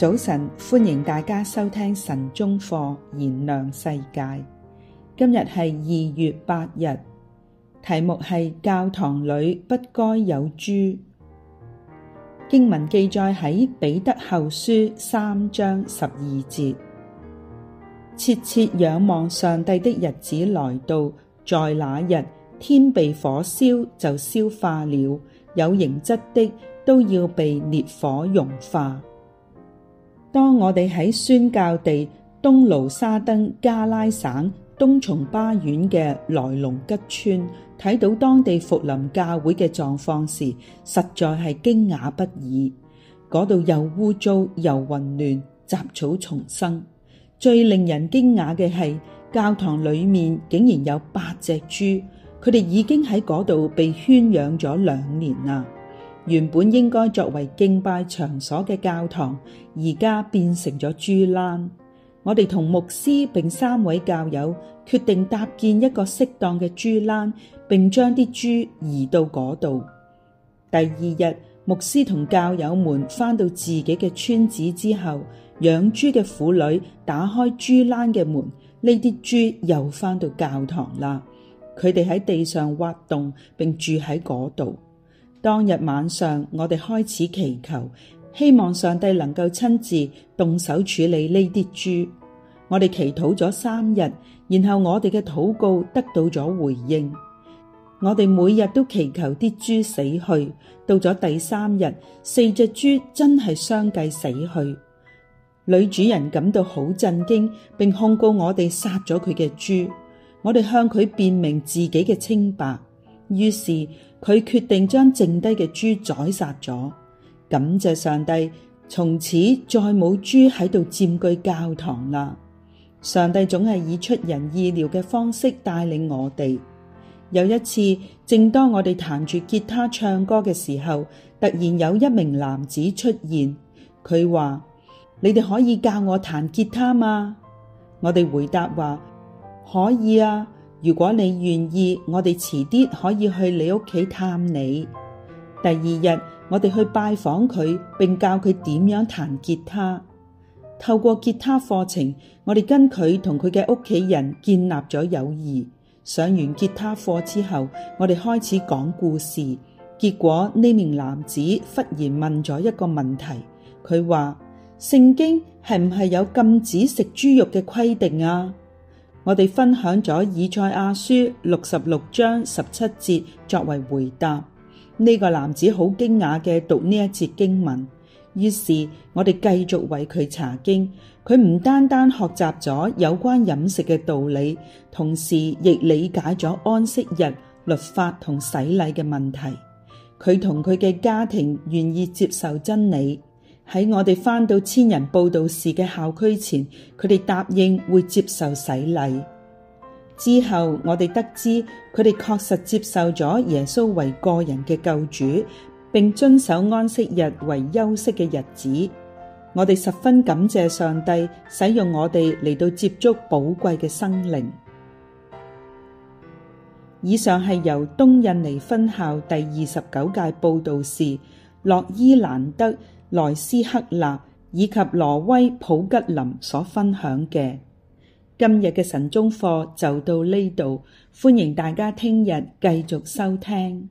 早晨，歡迎大家收聽晨鐘課，燃亮世界。今日係二月八日，題目係教堂裏不該有豬。經文記載喺彼得後書三章十二節。切切仰望上帝的日子來到，在那日，天被火燒就消化了，有形質的都要被烈火融化。當我哋喺宣教地東盧沙登加拉省東松巴縣嘅來龍吉村睇到當地復臨教會嘅狀況時，實在係驚訝不已。嗰度又污糟又混亂，雜草叢生。最令人驚訝嘅係，教堂裏面竟然有八隻豬，佢哋已經喺嗰度被圈養咗兩年啦。原本應該作為敬拜場所嘅教堂，而家變成咗豬欄。我哋同牧師並三位教友決定搭建一個適當嘅豬欄，並將啲豬移到嗰度。第二日，牧師同教友們返到自己嘅村子之後，養豬嘅婦女打開豬欄嘅門，呢啲豬又返到教堂喇。佢哋喺地上挖洞，並住喺嗰度。當日晚上，我哋開始祈求，希望上帝能夠親自動手處理呢啲豬。我哋祈禱咗三日，然後我哋嘅禱告得到咗回應。我哋每日都祈求啲豬死去。到咗第三日，四隻豬真係相繼死去。女主人感到好震驚，並控告我哋殺咗佢嘅豬。我哋向佢辯明自己嘅清白，於是，佢決定將剩低嘅豬宰殺咗，感謝上帝，從此再冇豬喺度佔據教堂啦。上帝總係以出人意料嘅方式帶領我哋。有一次，正當我哋彈住吉他唱歌嘅時候，突然有一名男子出現，佢話：你哋可以教我彈吉他嗎？我哋回答話：可以啊。如果你願意，我哋遲啲可以去你屋企探你。第二日，我哋去拜訪佢，並教佢點樣彈吉他。透過吉他課程，我哋跟佢同佢嘅屋企人建立咗友誼。上完吉他課之後，我哋開始講故事。結果呢名男子忽然問咗一個問題，佢話：聖經係唔係有禁止食豬肉嘅規定啊？我哋分享咗以賽亞書六十六章十七節作為回答。呢個男子好驚訝嘅讀呢一節經文，於是我哋繼續為佢查經。佢唔單單學習咗有關飲食嘅道理，同時亦理解咗安息日律法同洗禮嘅問題。佢同佢嘅家庭願意接受真理。喺我哋返到千人佈道士嘅校區前，佢哋答應會接受洗禮。之後，我哋得知佢哋確實接受咗耶穌為個人嘅救主，並遵守安息日為休息嘅日子。我哋十分感謝上帝使用我哋嚟到接觸寶貴嘅生靈。以上係由東印尼分校第二十九屆佈道士，洛伊蘭德，萊斯克納以及挪威普吉林所分享嘅今日嘅晨鐘課就到呢度，歡迎大家聽日繼續收聽。